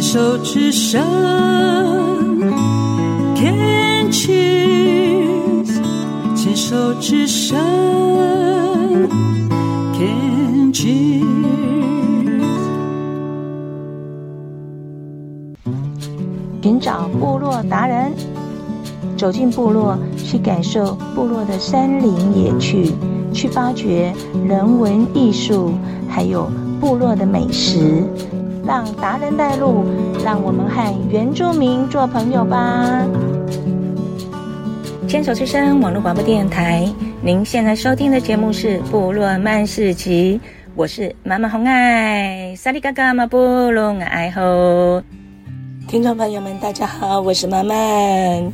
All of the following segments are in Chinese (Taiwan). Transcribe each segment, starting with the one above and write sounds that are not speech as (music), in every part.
牽手之上，天晴。牽手之上，天晴。尋找部落達人，走進部落，去感受部落的山林野趣，去發掘人文藝術，還有部落的美食。讓達人帶路，讓我們和原住民做朋友吧。牽手之聲網絡廣播電台，您現在收聽的節目是《部落漫市集》，我是媽媽紅愛。薩利嘎嘎嘛，布隆愛好，聽眾朋友們，大家好，我是滿滿。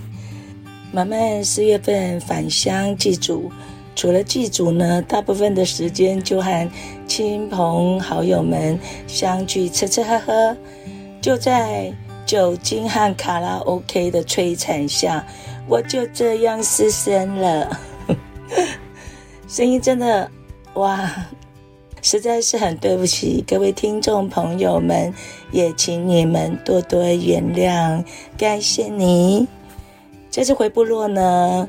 滿滿四月份返鄉祭祖，除了祭祖呢，大部分的時間就和。親朋好友們相聚吃吃喝喝，就在酒精和卡拉 OK 的摧殘下，我就這樣失聲了。 (laughs) 聲音真的哇，實在是很對不起各位聽眾朋友們，也請你們多多原諒。感謝你，這次回部落呢。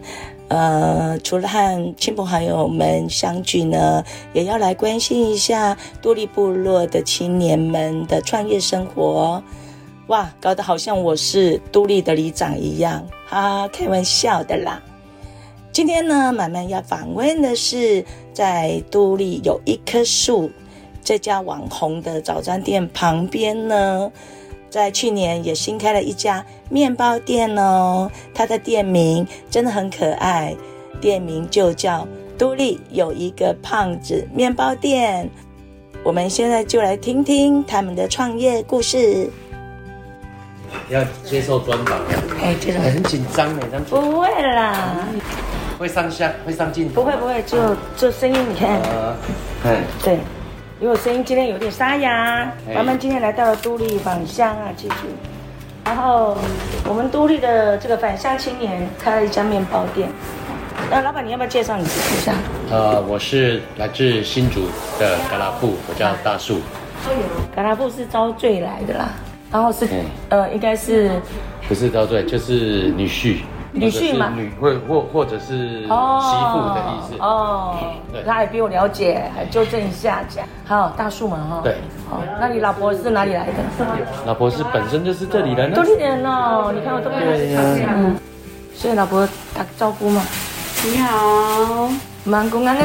呃，除了和親朋好友們相聚呢，也要來關心一下都歷部落的青年們的創業生活。哇，搞得好像我是都歷的里長一樣，哈、啊、哈，開玩笑的啦。今天呢，滿滿要訪問的是在都歷有一棵樹，這家網紅的早餐店旁邊呢。在去年也新開了一家麵包店哦、喔，他的店名真的很可愛，店名就叫“都歷有一個胖子麵包店”。我們現在就來聽聽他們的創業故事。要接受專訪、欸？哎、欸，這個很緊張呢，不會啦、嗯，會上相，會上鏡，不會不會，就做生意，你看，哎、啊，對。因為我聲音今天有點沙啞，咱、hey, 們今天來到了都歷返鄉啊，記住。然後我們都歷的這個返鄉青年開了一家麵包店，那、啊、老闆你要不要介紹你自己一下？呃，我是來自新竹的嘎拉布，我叫大樹。嘎拉布是招贅來的啦。然後是 hey, 呃，應該是不是招贅？就是女婿。女婿嘛，那個、女或或或者是媳婦的意思哦，哦。他還比我了解，還糾正一下，這樣好。大樹嘛，哈，對，好。那你老婆是哪裡來的？啊、老婆是本身就是這裡人，這裡人哦。你看我這邊，對呀、啊。嗯、啊，所以老婆打招呼嘛。你好，你啊啊、哎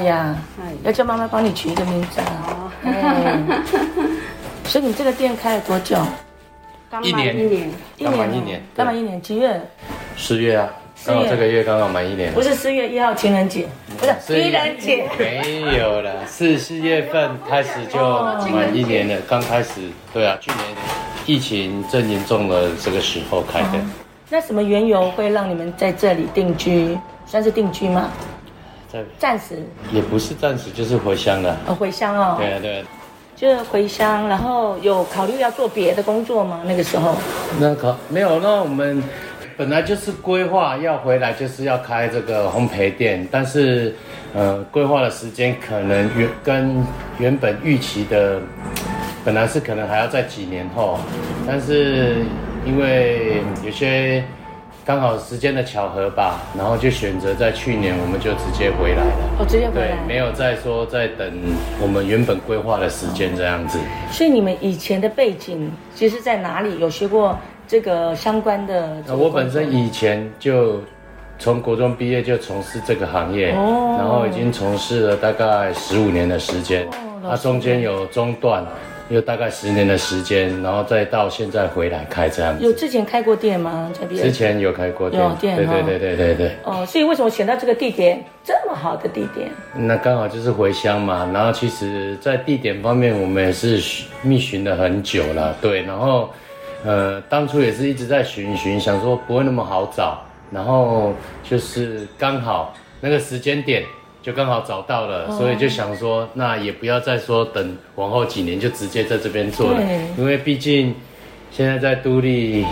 呀，啊、要叫媽媽幫你取一個名字啊。哦哎 (laughs) 所以你這個店開了多久？剛滿一年，一年，剛滿一年，一年，剛、喔，、滿一年幾月？十月啊，剛好這個月剛好滿一年。不是十月一號情人節，不是情人節，沒有了。是四月份開始就滿一年了，剛開始，剛開始，對啊，去年，年疫情最嚴重的這個時候開的。啊，、那什麼緣由會讓你們在這裡定居？算是定居嗎？暫時也不是暫時，就是回鄉了。哦，、回鄉哦，、喔，對啊對啊。就回鄉，然後有考慮要做別的工作嗎？那個時候，那個，沒有。那我們本來就是規劃要回來，就是要開這個烘焙店，但是，呃，規劃的時間可能原跟原本預期的，本來是可能還要在幾年後，但是因為有些。剛好時間的巧合吧，然後就選擇在去年，我們就直接回來了。哦，直接回來，對，沒有再說再等我們原本規劃的時間這樣子。哦，所以你們以前的背景其實在哪裡？有學過這個相關的這個、啊？我本身以前就從國中畢業就從事這個行業，哦，然後已經從事了大概十五年的時間，它，哦啊、中間有中斷。有大概十年的時間，然後再到現在回來開這樣子。有之前開過店嗎？這邊？之前有開過店，有店哦，對對對對對對。哦，所以為什麼選到這個地點，這麼好的地點？那剛好就是回鄉嘛，然後其實，在地點方面，我們也是覓尋了很久了，嗯，對。然後，呃，當初也是一直在尋尋，想說不會那麼好找，然後就是剛好那個時間點。就剛好找到了。哦，所以就想說，那也不要再說等往後幾年就直接在這邊做了，因為畢竟現在在都歷，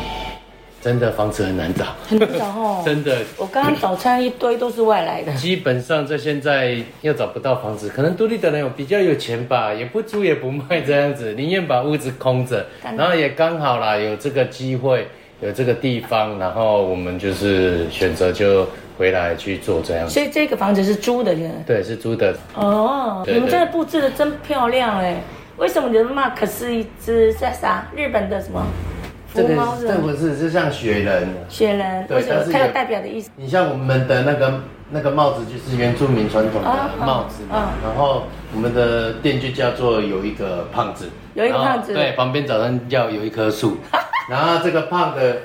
真的房子很難找，很難找哦， (laughs) 真的。我剛剛早餐一堆都是外來的，基本上在現在又找不到房子，可能都歷的人比較有錢吧，也不租也不賣這樣子，寧願把屋子空着，然後也剛好啦，有這個機會。有這個地方，然後我們就是選擇就回來去做這樣。所以這個房子是租的，對。對，是租的。哦、oh。你們這個佈置的真漂亮哎、欸！為什麼你的那可是一只在啥日本的什麼？什麼，這個這不是、這個，是像雪人。雪人。對。它是有代表的意思。你像我們的那個那個帽子，就是原住民傳統的帽子嘛 oh, oh, oh. 然。然後我們的店就叫做有一個胖子。有一個胖子。對。旁邊早上要有一棵樹。 (laughs) 然後這個胖的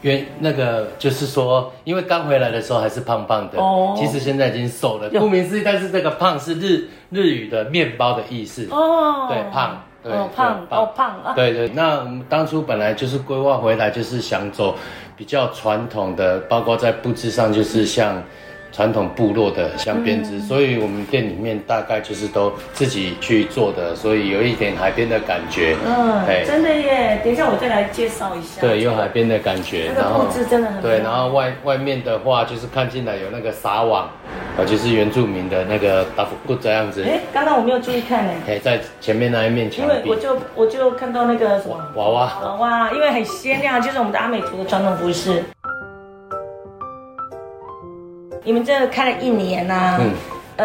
原那個就是說，因為剛回來的時候還是胖胖的，哦，其實現在已經瘦了。顧名思義，但是這個胖是日日語的麵包的意思，哦，對，胖，對，哦，胖，哦，胖，對對，哦，胖，對，對，嗯。那我們當初本來就是規劃回來，就是想走比較傳統的，包括在佈置上，就是像。嗯像傳統部落的像編織、嗯，所以我們店裡面大概就是都自己去做的，所以有一點海邊的感覺。嗯，哎、欸，真的耶！等一下我再來介紹一下。對，有、這個、海邊的感覺。然後佈置真的很好。對，然後外外面的話就是看進來有那個撒網，啊就是原住民的那個打布這樣子。哎、欸，剛剛我沒有注意看哎、欸欸。在前面那一面牆壁，因為我就我就看到那個什麼娃娃娃娃，娃娃，因為很鮮亮，就是我們的阿美族的傳統服飾。你們這個開了一年吶、啊，嗯、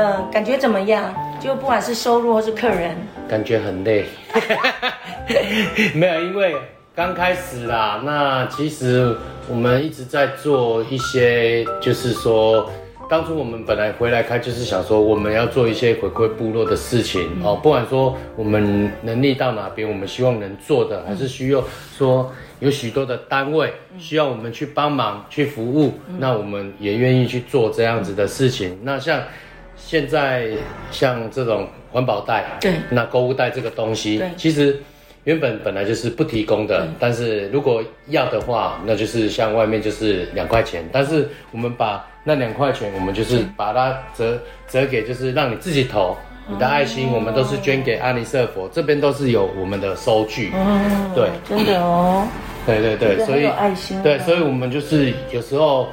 呃，感覺怎麼樣？就不管是收入或是客人，感覺很累 (laughs) (laughs) 沒有，因為剛開始啦。那其實我們一直在做一些，就是說。當初我們本來回來開就是想說，我們要做一些回饋部落的事情哦。不管說我們能力到哪邊，我們希望能做的還是需要說，有許多的單位需要我們去幫忙去服務，那我們也願意去做這樣子的事情。那像現在像這種環保袋，對，那購物袋這個東西，其實原本本來就是不提供的，但是如果要的話，那就是像外面就是兩塊錢，但是我們把。那兩塊錢，我們就是把它折折給，就是讓你自己投，嗯、你的愛心，我們都是捐給阿尼色弗，嗯、這邊都是有我們的收據，嗯，對，真的哦，對對對，所以有愛心，對，所以我們就是有時候。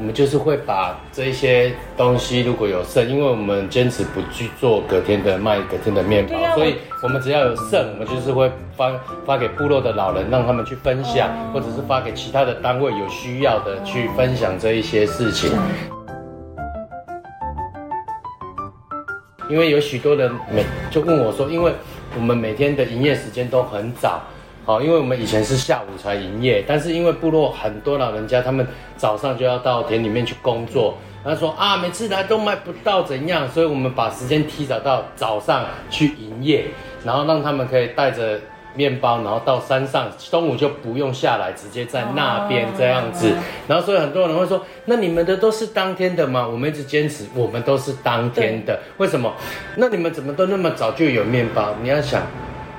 我們就是會把這一些東西，如果有剩，因為我們堅持不去做隔天的賣隔天的面包，所以我們只要有剩，我們就是會发發給部落的老人，讓他們去分享，或者是發給其他的單位有需要的去分享這一些事情。因為有許多人每就問我說，因為我們每天的營業時間都很早。好，因為我們以前是下午才營業，但是因為部落很多老人家，他們早上就要到田裡面去工作。他說啊，每次來都買不到怎樣，所以我們把時間提早到早上去營業，然後讓他們可以帶着面包，然後到山上，中午就不用下來，直接在那邊這樣子。然後所以很多人會說，那你們的都是當天的嗎？我們一直堅持，我們都是當天的，為什麼？那你們怎麼都那麼早就有面包？你要想。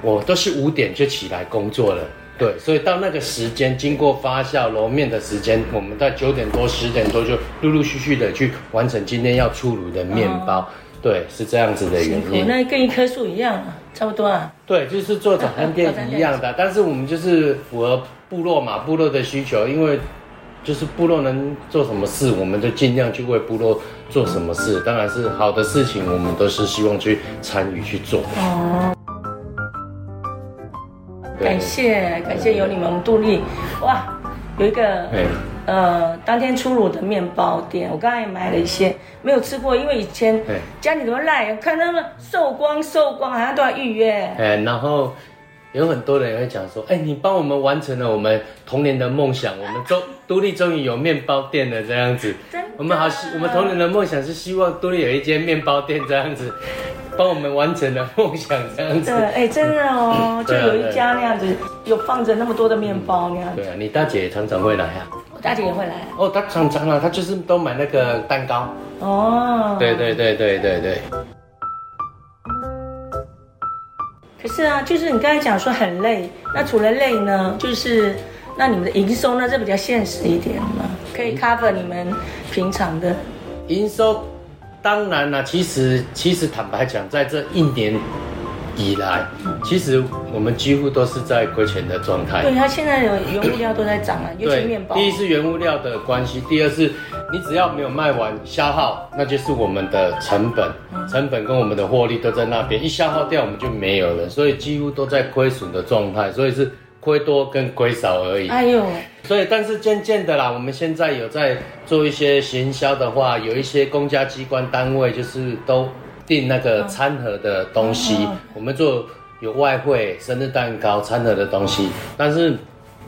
我都是五點就起來工作了，對，所以到那個時間，經過發酵揉麵的時間，我們在九點多十點多就陸陸續續的去完成今天要出爐的麵包，哦，對，是這樣子的原因。那跟一棵樹一樣差不多啊。對，就是做早餐店一樣的，啊啊，但是我們就是符合部落嘛，部落的需求，因為就是部落能做什麼事，我們就儘量去為部落做什麼事。當然是好的事情，我們都是希望去參與去做的。哦。感謝感謝，感謝有你們，都歷，哇，有一個，對，呃，當天出爐的麵包店，我剛才也買了一些，沒有吃過，因為以前家裡怎麼賴，看他們售光售光好像都要預約，哎，然後有很多人會講說，哎、欸，你幫我們完成了我們童年的夢想，我們終，都歷終於有麵包店了這樣子，我們好希，我們童年的夢想是希望都歷有一間麵包店這樣子。幫我們完成了夢想這樣子，對。哎、欸，真的哦、喔，嗯，就有一家那樣子，嗯啊、有放着那麼多的麵包那樣子。對啊，你大姐也常常會來啊。我大姐也會來、啊。哦，她常常啊，她就是都買那個蛋糕。哦。對對對對對對。可是啊，就是你剛才講說很累，那除了累呢，就是那你們的營收，呢，就比較現實一點嘛，可以 cover 你們平常的營收？當然了，其實其實坦白講，在這一年以來，其實我們幾乎都是在虧錢的狀態。對，它現在有原物料都在漲嘛，啊， (laughs) 尤其是麵包。第一是原物料的關係，第二是，你只要沒有賣完消耗，那就是我們的成本，成本跟我們的獲利都在那邊，一消耗掉我們就沒有了，所以幾乎都在虧損的狀態，所以是。虧多跟虧少而已。哎呦，所以但是漸漸的啦，我們現在有在做一些行銷的話，有一些公家機關單位就是都訂那個餐盒的東西。我們做有外燴、生日蛋糕、餐盒的東西，但是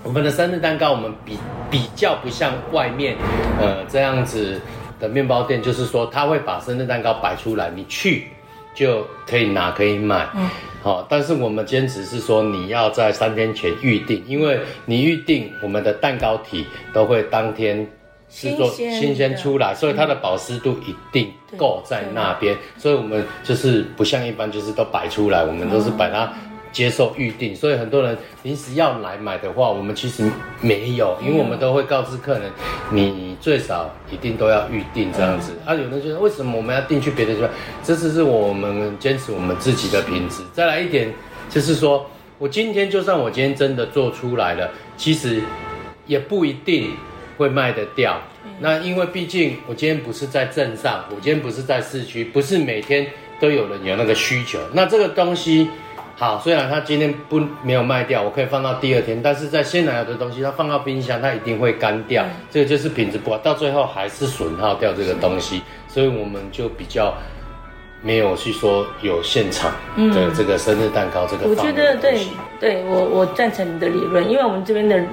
我們的生日蛋糕，我們比比較不像外面呃這樣子的面包店，就是說他會把生日蛋糕擺出來，你去。就可以拿，可以買，嗯，好、哦，但是我們堅持是說，你要在三天前預定，因為你預定我們的蛋糕體都會當天製作新鮮出來，所以它的保濕度一定夠在那邊，所以我們就是不像一般就是都擺出來，我們都是把它。接受預定，所以很多人臨時要來買的話，我們其實沒有，因為我們都會告知客人，你最少一定都要預定這樣子。啊，有人就說，為什麼我們要定去別的地方？這次是我們堅持我們自己的品質。再來一點，就是說我今天就算我今天真的做出來了，其實也不一定會賣得掉。那因為畢竟我今天不是在鎮上，我今天不是在市區，不是每天都有人有那個需求。那這個東西。好，雖然它今天不沒有賣掉，我可以放到第二天。但是在鮮奶油的東西，它放到冰箱，它一定會乾掉、嗯。這個就是品質不好，到最後還是損耗掉這個東西。所以我們就比較沒有去說有現場的這個生日蛋糕這個方、嗯。我覺得對，對我我贊成你的理論，因為我們這邊的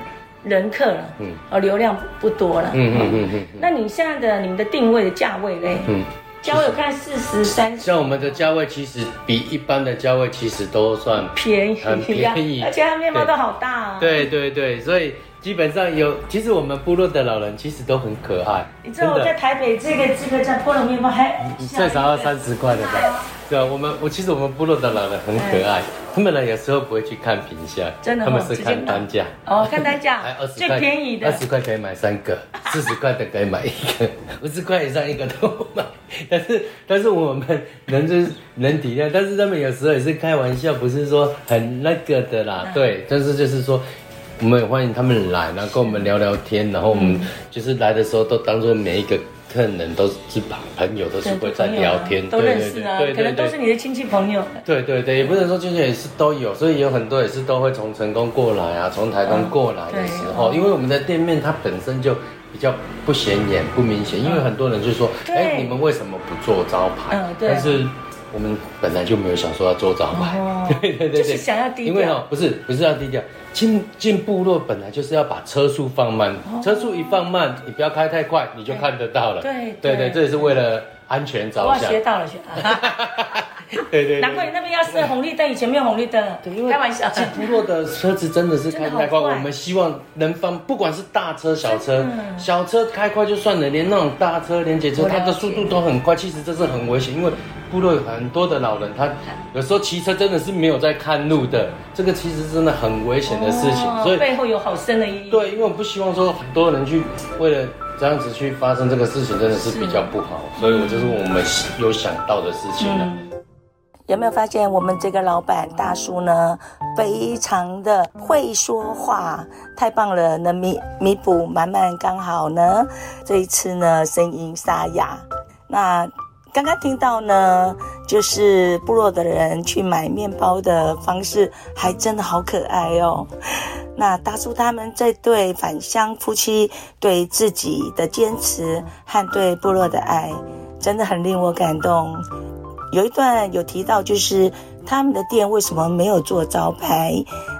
人客了，嗯，流量不多了，嗯嗯嗯嗯。那你現在的你們的定位的價位咧？嗯。價位有看四十三，像我們的價位其實比一般的價位其實都算便宜，便宜、啊，很便宜，而且它麵包都好大哦、啊，對對對，所以基本上有，其實我們部落的老人其實都很可愛。你知道我在台北這個這個叫菠蘿麵包還，還最少要三十塊的吧？對啊，我們我其實我們部落的老人很可愛，哎、他們呢有時候不會去看品相，真的哦，他們是看單價哦，看單價，最便宜的二十塊可以買三個，四十塊的可以買一個，五十塊以上一個都不買。但是但是我們能就是能體諒，但是他們有時候也是開玩笑，不是說很那個的啦。啊、對，但是就是說，我們也歡迎他們來，然後跟我們聊聊天，然後我們就是來的時候都當作每一個。很多人都是朋朋友，都是會在聊天，對對啊、對對對都認識、啊、對對對可能都是你的親戚朋友。對對對，對也不能說親戚也是都有，所以有很多也是都會從成功過來啊，從台灣過來的時候、嗯嗯，因為我們的店面它本身就比較不顯眼、嗯、不明顯，因為很多人就說，哎、嗯欸，你們為什麼不做招牌？嗯，對。但是我們本來就沒有想說要做招牌，哦、對對對，對，對就是想要低調，因為哦、喔，不是不是要低調。進進部落本來就是要把車速放慢，車速一放慢，你不要開太快，你就看得到了。對對對，這也是為了安全着想。哇，學到了學。對對。難怪你那邊要設紅綠燈，以前沒有紅綠燈。對，開玩笑。進部落的車子真的是開太快，我們希望能放，不管是大車小車，小車開快就算了，連那種大車連接車，它的速度都很快，其實這是很危險，因為。部落有很多的老人，他有時候騎車真的是沒有在看路的，這個其實真的很危險的事情。哦、所以背後有好深的意義。對，因為我不希望說很多人去為了這樣子去發生這個事情，真的是比較不好。所以我就是我們有想到的事情了。嗯、有沒有發現我們這個老闆大叔呢，非常的會說話，太棒了，能彌彌補滿滿剛好呢。這一次呢，聲音沙啞，那。剛剛聽到呢，就是部落的人去買麵包的方式，還真的好可愛哦。那大叔他們這對返鄉夫妻對自己的堅持和對部落的愛，真的很令我感動。有一段有提到，就是他們的店為什麼沒有做招牌？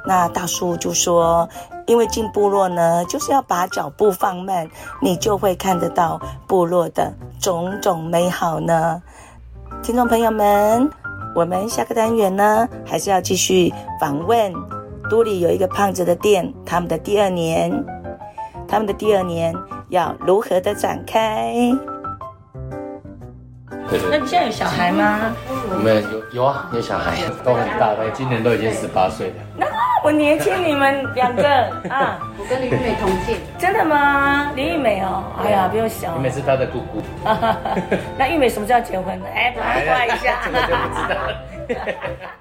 那大叔就說。因為進部落呢，就是要把腳步放慢，你就會看得到部落的種種美好呢。聽眾朋友們，我們下個單元呢，還是要繼續訪問都歷有一個胖子的店，他們的第二年，他們的第二年要如何的展開？那、嗯、你現在有小孩嗎？我們有，有啊，有小孩，哎、都很大了，今年都已經十八歲了。我年輕，你們兩個 (laughs) 啊！我跟李玉美同屆，真的嗎？李玉美哦、喔，哎呀，不用想，玉美是她的姑姑。 (laughs) (laughs) 那玉美什麼時候結婚呢？哎、欸，八卦一,一下。 (laughs) 這個就不知道了。 (laughs)